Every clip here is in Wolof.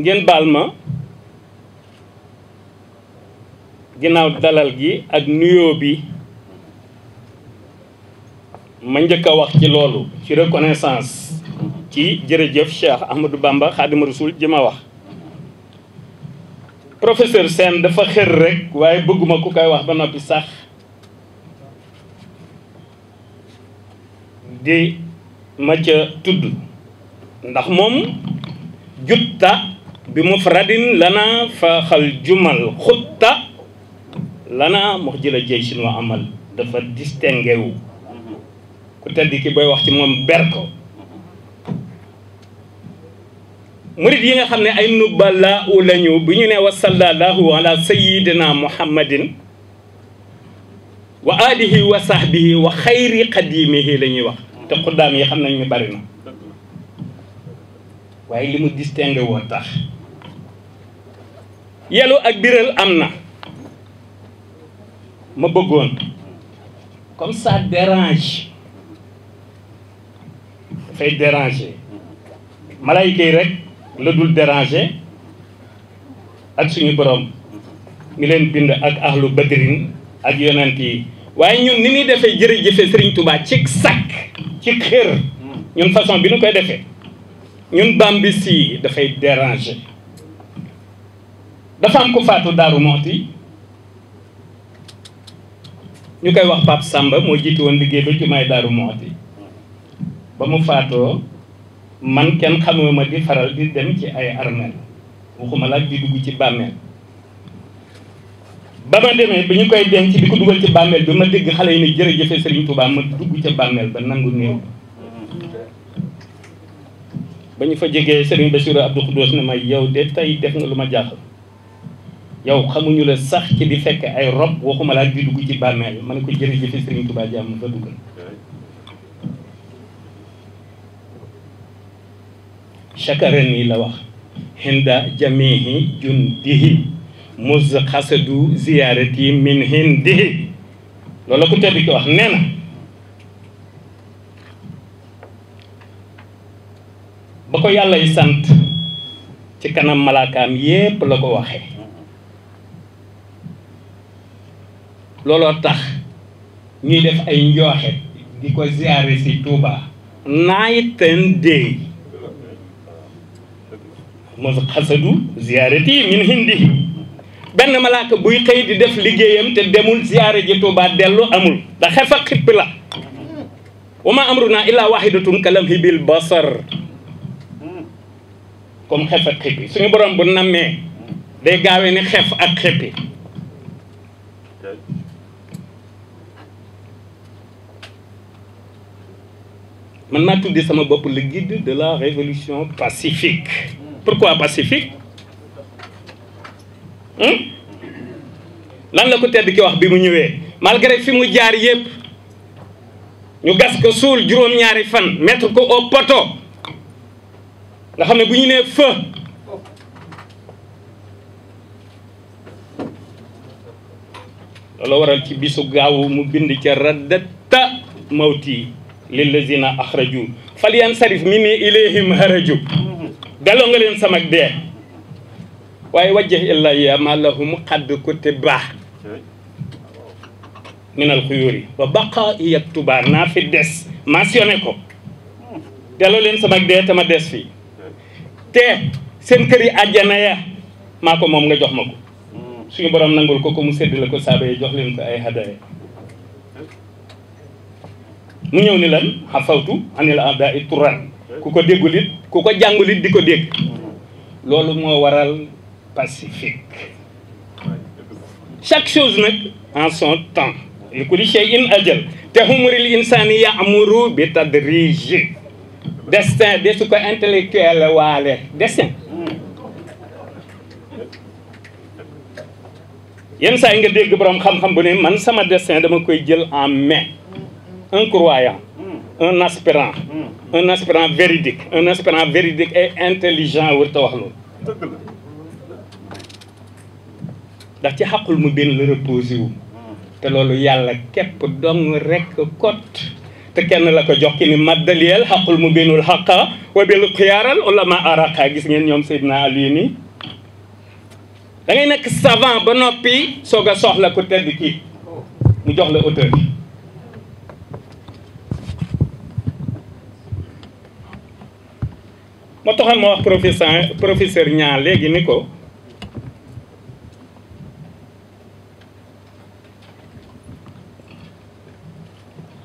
ngeen baal ma ginnaaw dalal gi ak nuyoo bi ma njëkk a wax ci loolu ci reconnaissance ci jërëjëf Cheikh Ahmadou Bamba Xaadimu Rasuul ji ma wax professeur seen dafa xër rek waaye bëgguma ku koy wax ba noppi sax di ma ca tudd ndax moom jutta bi mufradin lana faaxal jumal xutta lana mox jëla jëy sin wa amal dafa distingué ku tedd ki booy wax ci moom ber murit yi nga xam ne ay nubbalaa u lañu bu ñu ne wa sallallahu ala sayyidina muhammadin wa alihi wa sahbihi wa xayri qadimihi la ñuy wax te xuddaam yi xam nañ ñu bari na waaye li mu distingué tax yelu ak biral am na ma bëggoon comme ça dérange dafay derange malayka yi rek la dul déranger ak suñu borom mi leen bind ak ahlu badrin ak yonent yi waaye ñun ni ñuy defee jërëjëfe Sëriñ Tuubaa ci sakk ci xër ñun façon bi nu koy defee ñun bambis yi dafay derange dafa am ku faatu Daaru Mooti ñu koy wax Pape Samba moo jiitu woon liggéey ba jumaay Daaru Mooti ba mu faatoo man kenn xamuma ma di faral di dem ci ay armeel waxuma la di dugg ci bàmmeel ba ma demee bi ñu koy denc di ko dugal ci bàmmeel bi ma dégg xale yi ne jërëjëfe Serigne Touba ma dugg ca bàmmeel ba nangu néew ba ñu fa jegee Serigne Bassirou Abdou Khoudoss ne ma yow de tey def nga lu ma jaaxal yow xamuñu la sax ci di fekk ay rob waxuma laa di dugg ci bàmmeel ma ne ko jërëjëf Serigne Touba jàmm fa duggal chakaran yi la wax hinda jamihi jundihi mus xasadu ziyaarati min hindihi loolu la ko tedd ki wax nee na ba ko yàlla yàllay sant ci kanam malaakaam yépp la ko waxee looloo tax ñuy def ay njooxe di ko ziare si Touba night and day mos xasadu ziarati min hindi benn malaaka buy xëy di def liggéeyam te demul ziare ji Touba dellu amul da xefa xipp la wa ma amruna illa wahidatun kalamhi bil basar comme xef ak xippi suñu borom bu nammee day gaawee ni xef ak xippi man maa tuddee sama bopp le guide de la révolution pacifique pourquoi pacifique hmm? lan la ko tedd ki wax bi mu ñëwee malgré fi mu jaar yépp ñu gas ko suul juróom-ñaari fan mettre ko au poteau nga xam ne bu ñu nee feu loolu waral ci bisu gaaw mu bind ca raddata mawti la lillazina akhraju falyansarif min ilayhim haraju galoo nga leen samag dee waaye wajjah ilayya ma lahum qad kutiba min alxuyuri wa baqa yaktuba naa fi des mentionné ko delloo leen samag dee tama des fii te seen kër yi àjjana ya maa ko moom nga jox ma ko suñu borom nangul ko ko mu sedd la ko saaba yi jox leen ko ay hadaya mu ñëw ni lan xafawtu anil ada i turan ku ko déggulit ku ko jàngulit di ko dégg loolu moo waral pacifique chaque chose nag en son temps li kulli shay'in ajal te humuril insani ya'muru bi tadrij destin de su ko intellectuel waale destin yenn saa yi nga dégg borom xam-xam bu ne man sama destin dama koy jël en mai un croyant, mm. un aspirant, mm. un aspirant véridique, un aspirant véridique et intelligent warta wax loolu ndax ci xaqul mu benn la reposé mm. te loolu yàlla képp dong rekk kot te kenn la ko jox ki ni maddaliyel xaqul mu benul xaqa wa bil xiyaaral ulama araqa gis ngeen ñoom Seydina naa nii da ngay nekk savant ba noppi soog a soxla ku tedd kii oh. mu jox la auteur moo taxa ma wax professeur professeur ñaa léegi ni ko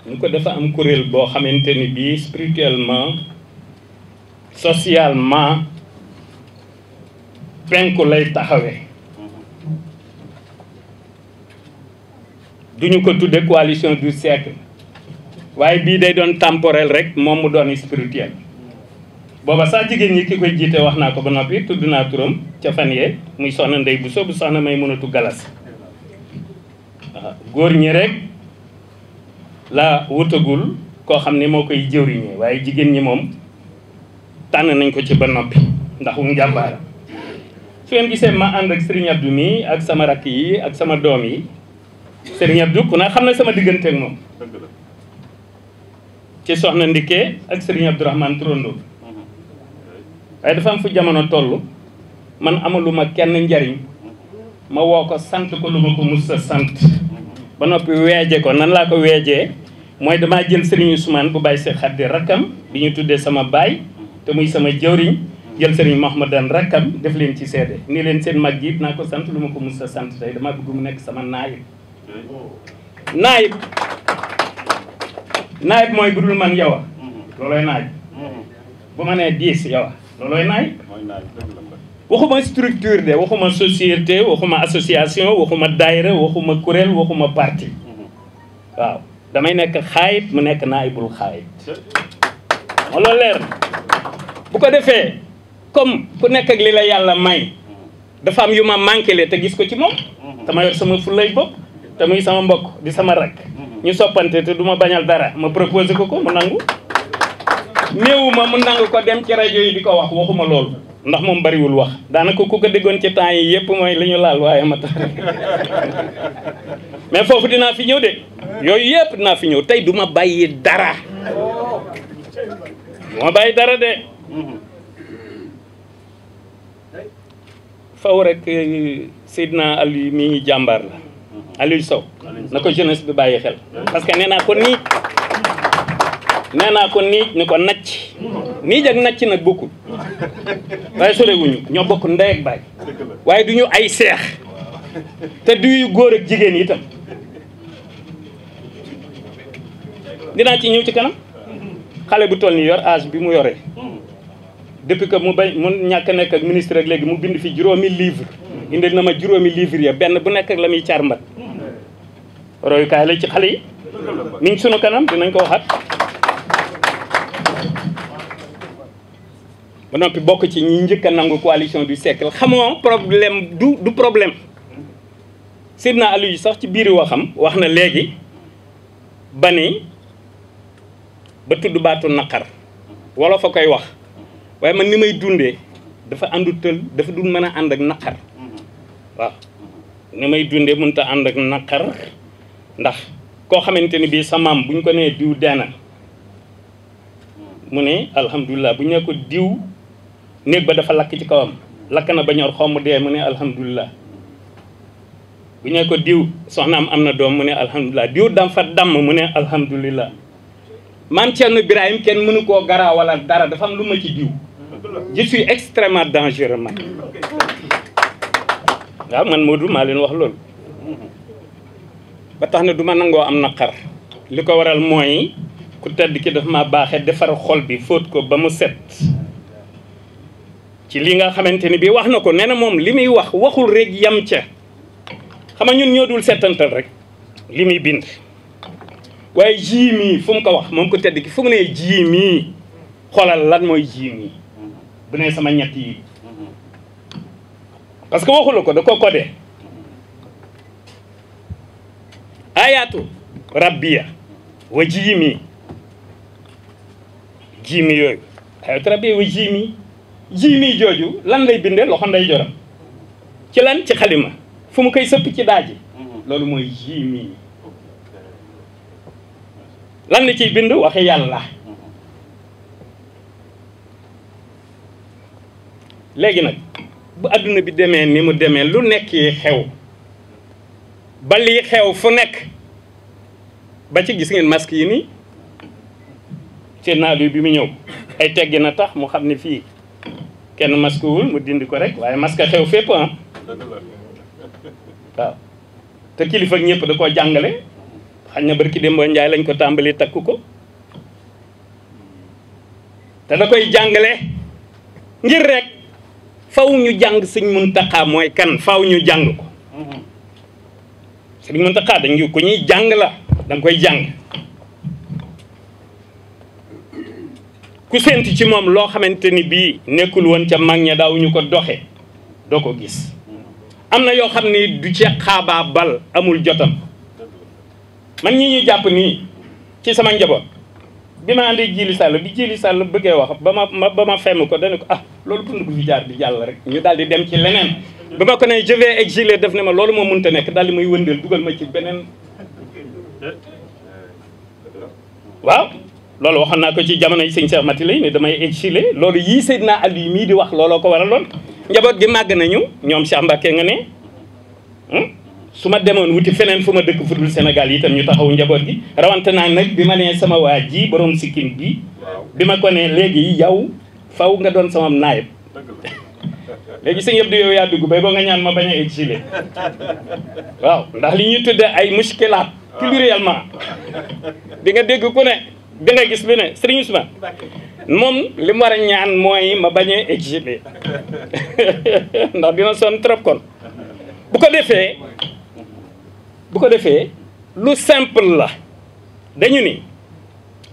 ñu ko dafa am kuréel boo xamante ni bii spirituellement socialement penku lay taxawe duñu ko tudde coalition du siècle waaye bii day doon temporel rek moom mu doon spirituel booba saa jigéen ñi ki koy jiite wax naa ko ba noppi tudd naa turam ca fan yee muy soxna ndey bu soobu soxna may mënatu galas góor ñi rek la wutagul koo xam ni moo koy jëwriñee waaye jigéen ñi moom tànn nañ ko ci ba noppi ndax wu njàmbaara su ngeen gisee ma ànd ak Serigne Abdou mi ak sama rakk yi ak sama doom yi Serigne Abdou ku ne xam ne sama diggante ak moom ci soxna Ndike ak Serigne Abdourahmane Trondo waaye dafa am fu jamono toll man amaluma kenn njariñ ma woo ko sant ko lu ma ko mus a sant ba noppi weeje ko nan laa ko weejee mooy damaa jël Serigne Ousmane bu bàyyi si xaddi rakkam bi ñu tuddee sama baay te muy sama jëwriñ jël Serigne Mahmadan rakkam def leen ci seede nii leen seen mag yi naa ko sant lu ma ko mus a sant tey dama bëgg mu nekk sama naayib naayib naayib mooy bu dul man yow a loolooy naaj bu ma nee diis yow loolooy naay. waxuma structure de waxuma société waxuma association waxuma daayira waxuma kuréel waxuma parti mhm. waaw damay nekk xaayit mu nekk naayibul xaayit ma loolu leer bu ko defee comme ku nekk ak li la yàlla may dafa am yu ma manqué le te gis ko ci moom dama mhm. yor sama fulay bopp te muy sama mbokk di sama rakk mhm. ñu soppante te du ma bañal dara ma proposé ko ko mu nangu néewuma mu nangu ko dem ci rajo yi di ko wax waxuma loolu ndax moom bariwul wax daanaka ku ko déggoon ci temps yi yëpp mooy li ñu laal waaye ma tax mais foofu dinaa fi ñëw de yooyu yëpp dinaa fi ñëw tey du ma bàyyi dara du bàyyi dara de faw rek euh, Seydina Aliou mi jàmbaar la Aliou Sow na ko jeunesse bi bàyyi xel parce que nee naa ko nii nee naa ko niij ni ko nacc niij ak nacc nag bokkul waaye solewuñu ñoo bokk ndey ak baay waaye du ñu ay seex te duyu góor ak jigéen itam dinaa ci ñëw ci kanam xale bu toll ni yor âge bi mu yoree depuis que mu bañ mu ñàkk nekk ak ministre ak léegi mu bind fi juróomi livre indi na ma juróomi livre ya benn bu nekk la muy caar mbat royukaay la ci xale yi mi ngi sunu kanam dinañ ko waxaat ba noppi bokk ci ñi njëkk a nangu coalition du siècle xamoo problème du du problème na Seydina yi sax ci biir waxam wax na léegi ba ni ba tudd baatu naqar wala fa koy wax waaye man ni may dundee dafa àndu tël dafa du man a ànd ak naqar waaw ni may dundee mënut a ànd ak naqar ndax koo xamante ni bii sa maam bu ñu ko nee diw deena mu ne alhamdulilah bu ñu ne ko diw néeg ba dafa lakk ci kawam lakk na ba ñor xomm dee mu ne alhamdulilah bu ñu ko diw soxnaam am na doom mu ne alhamdulilah diw dam damm mu ne alhamdulilah maam Thierno Birahim kenn mënu koo garaa wala dara dafa am lu ma ci diw je suis extrêmement dangereux man waaw man Modou maa leen wax loolu ba tax na du ma nangoo am naqar li ko waral mooy ku tedd ki daf ma baaxee defar xol bi fóot ko ba mu set ci li nga xamante ni bii wax na ko nee na moom li muy wax waxul rek yam ca xam ñun ñoo dul settantal rek li muy bind. waaye jii mii fu mu ko wax moom ko tedd ki fu mu nee jii mii xoolal lan mooy jii mii bu ne sama ñett yi parce que waxula ko da ko codé ayaatu rabbiya wa jii mii jii mi yooyu ayaatu rabbiya wa jii mii jii mii jooju lan lay bindee loxo nday joram ci lan ci xalima fu mu koy sëpp ci daaji loolu mooy jii mii lan la ciy bind waxi yàlla léegi nag bu adduna bi demee ni mu demee lu nekk yi xew ba xew fu nekk ba ci gis ngeen mask yi nii seen naa bi mu ñëw ay teggi na tax mu xam ne fii kenn masque wul mu dindi ko rek waaye masque xew fépp ah waaw te kilifa ñëpp da koo jàngale xañ na barki Demba Njaay lañ ko tàmbali takk ko te da koy jàngale ngir rek faw ñu jàng sëñ Muntaxa mooy kan faw ñu jàng ko mm-hmm. sëñ Muntaxa dañ ko ñuy jàng la danga koy jàng ku sént ci moom loo xamante ni bii nekkul woon ca mag ña daaw ñu ko doxe doo ko gis am na yoo xam ne du ca xaabaa bal amul jotam man ñi ñu jàpp nii ci sama njaboot bi ma àndee Jili Sall bi Jili Sall bëggee wax ba ma ba ma femm ko dana ko ah loolu pënd bu fi jaar di jàll rek ñu daal di dem ci leneen ba ma ko ne je vais exiler def ne ma loolu moo mënta nekk daal di may wëndeel dugal ma ci beneen waaw loolu waxoon naa ko ci jamono yi sëñ Cheikh Mati lay ne damay exilé loolu yii Seydina yi mii di wax looloo ko waraloon njaboot gi màgg nañu ñoom Cheikh Mbacke nga ne hmm, su ma demoon wuti feneen fu ma dëkk fudul Sénégal itam ñu taxaw njaboot gi rawante naa nag bi ma nee sama waa ji borom sikkim gi bi ma ko ne léegi yow faw nga doon sama naayam léegi sëñ Abdou yow yaa dugg bay boo nga ñaan ma bañ a exilé waaw ndax li ñuy tuddee ay muskilaat pluriellement ah. di nga dégg ku bi gis bi ne Serigne Ousmane moom li mu war a ñaan mooy ma bañ a exilé ndax dina son trop kon bu ko defee bu ko defee lu simple la dañu ni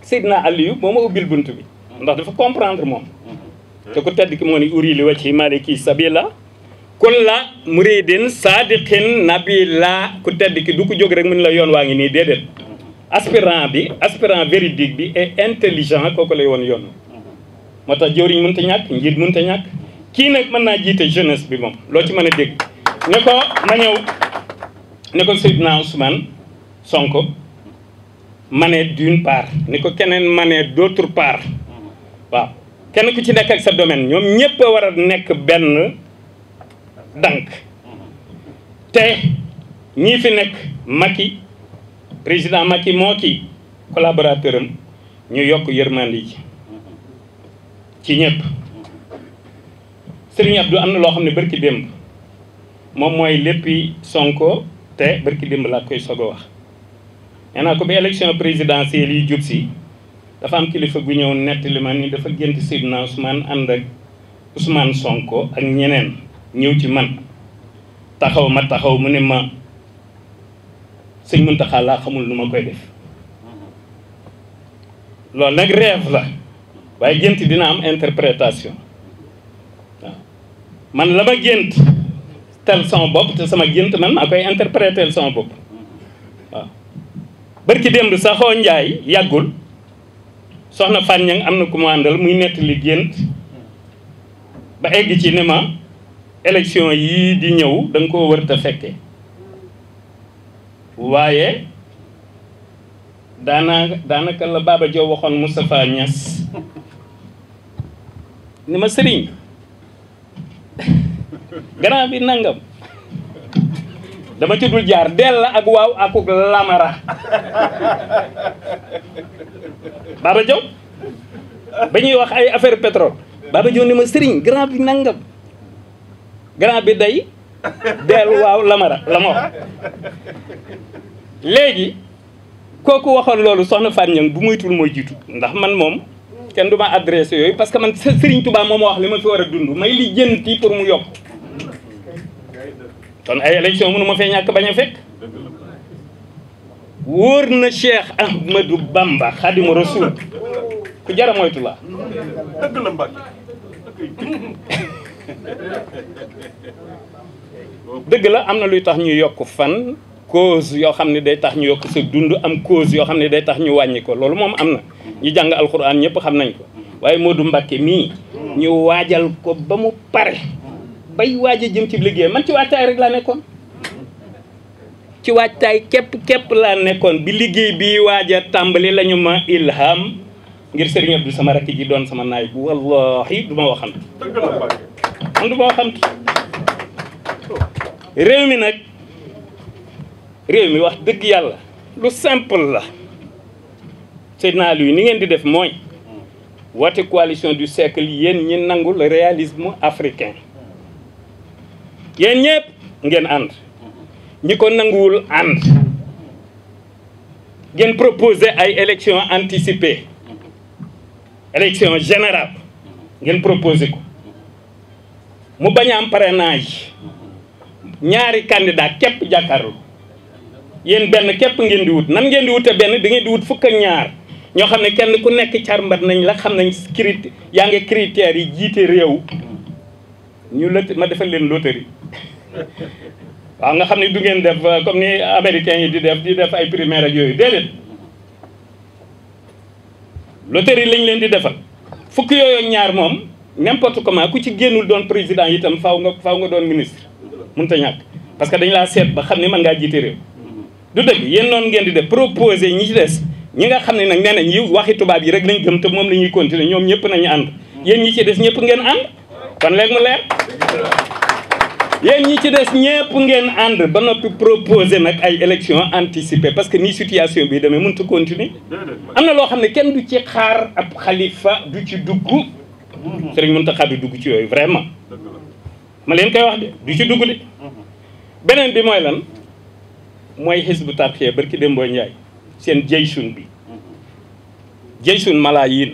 Seydina Aliou moo ma ubbil bunt bi ndax dafa comprendre moom te ku tedd ki moo ni uri li wacci maliki sabila kulla muridin sadiqin nabila ku tedd ki du ko jóg rek mu ne la yoon waa ngi nii déedéet aspirant bi aspirant véridique bi et intelligent kooku lay woon yoon moo tax jëwriñ mënut a ñàkk njiit mënut a ñàkk kii nag mën naa jiite jeunesse bi moom loo ci mën a dégg ne ko ma ñëw ne ko Seydina Ousmane Sonko mané d'une part ni ko keneen mané d'autre part waaw kenn ku ci nekk ak sa domaine ñoom ñëpp a war a nekk benn dànk te ñii fi nekk Macky président Macky moo ci collaborateur am ñu yokk yërmande ji ci ñëpp Serigne Abdou am na loo xam ne bërki démb moom mooy léppi Sonko te bërki démb laa koy soog a wax nee naa ko bi élection présidentielle yi jub si dafa am kilifa gu ñëw nettali ma ni dafa gént Sidna Ousmane ànd ak Ousmane Sonko ak ñeneen ñëw ci man taxaw ma taxaw mu ne ma sëñ Muntaxa laa xamul lu ma koy def loolu nag rêve la waaye gént dina am interprétation waaw man la ma gént tel sama bopp te sama gént man a koy interpréter sama bopp waaw bërki démb saxoo njaay yàggul soxna Fàññang am na ku mu àndal muy nettali gént ba egg ci ne ma élection yii di ñëw da koo wër te fekkee waaye daanaa daanaka la Baba Diop waxoon Moustapha Niass ni ma sëriñ grand bi nangam dama ci dul jaar del la ak waaw akuk lamara Baba Diop ba ñuy wax ay affaire pétrole Baba Diop ni ma sëriñ grand bi nangam grand bi day dellu waaw la ma ra la wax léegi kooku waxoon loolu soxna Fatou Niang bu muytul mooy jiitu ndax man moom kenn du ma adressé yooyu parce que man Serigne Touba moo ma wax li ma fi war a dund may li jënti pour mu yokk kon ay élection mënu ma fee ñàkk bañ a fekk wóor na Cheikh Ahmadou Bamba Khadimu Rasul ku jara moytu dëgg la am na luy tax ñu yokk fan cause yoo xam ne day tax ñu yokk sa dund am cause yoo xam ne day tax ñu wàññi loolu moom am na ñu jàng alxuraan ñëpp xam nañ ko waaye du Mbacké mii ñu waajal ko ba mu pare bay waaj a jëm ci liggéey man ci waajtaay rek laa nekkoon ci waajtaay képp képp laa nekkoon bi liggéey bi waaj a tàmbali lañu ma ilham ngir Serigne Abdou sama rakk ji doon sama naay bu wallahi du ma man du ma waxant réew mi nag réew mi wax dëgg yàlla lu simple la Seydina Aliou ni ngeen di def mooy woote coalition du siècle yéen ñi nangul réalisme africain yéen ñëpp ngeen ànd ñi ko nanguwul ànd ngeen proposé ay élection anticipée élection général ngeen proposé ko mu bañ a am parrainage ñaari candidat képp jàkkaarloo yéen benn képp ngeen di wut nan ngeen di wute benn da ngeen di wut fukk ñaar ñoo xam ne kenn ku nekk carmbat nañ la xam nañ crit yaa ngi critères yi jiite réew ñu lët ma defal leen loterie waaw nga xam ne du ngeen def euh, comme ni américains yi di def di def ay primaire ak yooyu déedéet loterie lañ leen di defal fukk yooyu ñaar moom n'importe comment ku ci génnul doon président itam faw nga faw nga doon ministre mënut a ñàkk parce que dañ laa seet ba xam ne man ngaa jiite réew du dëgg yéen noonu ngeen di def proposé ñi ci des ñi nga xam ne nag nee nañ yi waxi tubaab yi rek lañ gëm te moom la ñuy continuer ñoom ñëpp nañu ànd yéen ñi ci des ñëpp ngeen ànd kon léegi mu leer yéen ci des ñëpp ngeen ànd ba noppi proposé nag ay élection anticipée parce que nii situation bii demee mënut a continuer am na loo xam ne kenn du ci xaar ab xalifa du ci dugg sëriñ Mountakha du dugg ci yooyu vraiment ma leen koy wax de du ci dugg de mhm. beneen bi mooy lan mooy Hizbut Tarqiyyah barki Dembo Ndiaye seen jeysun bi mhm. jeysun malaa yiin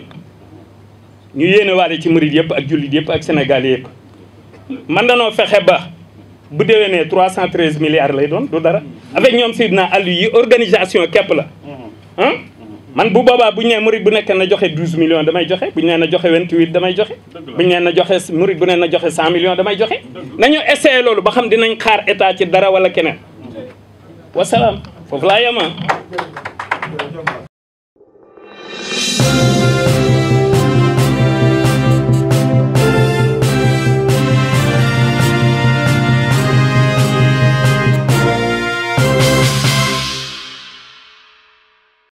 ñu yéene waale ci murid yëpp ak jullit yëpp ak Sénégal yëpp man danoo fexe ba bu déwénee trois cent treize milliards lay doon du dara mhm. avec ñoom Seydina Aliou yi organisation képp la man bu boobaa buñ ñu nee murid bu nekk na joxe 12 millions damay joxe bu ñu nee na joxe 28 damay joxe. bu ñu nee na joxe murid bu nee na joxe 100 millions damay joxe. nañu essayé loolu ba xam dinañ xaar état ci dara wala keneen. wasalaam foofu laa yemaa.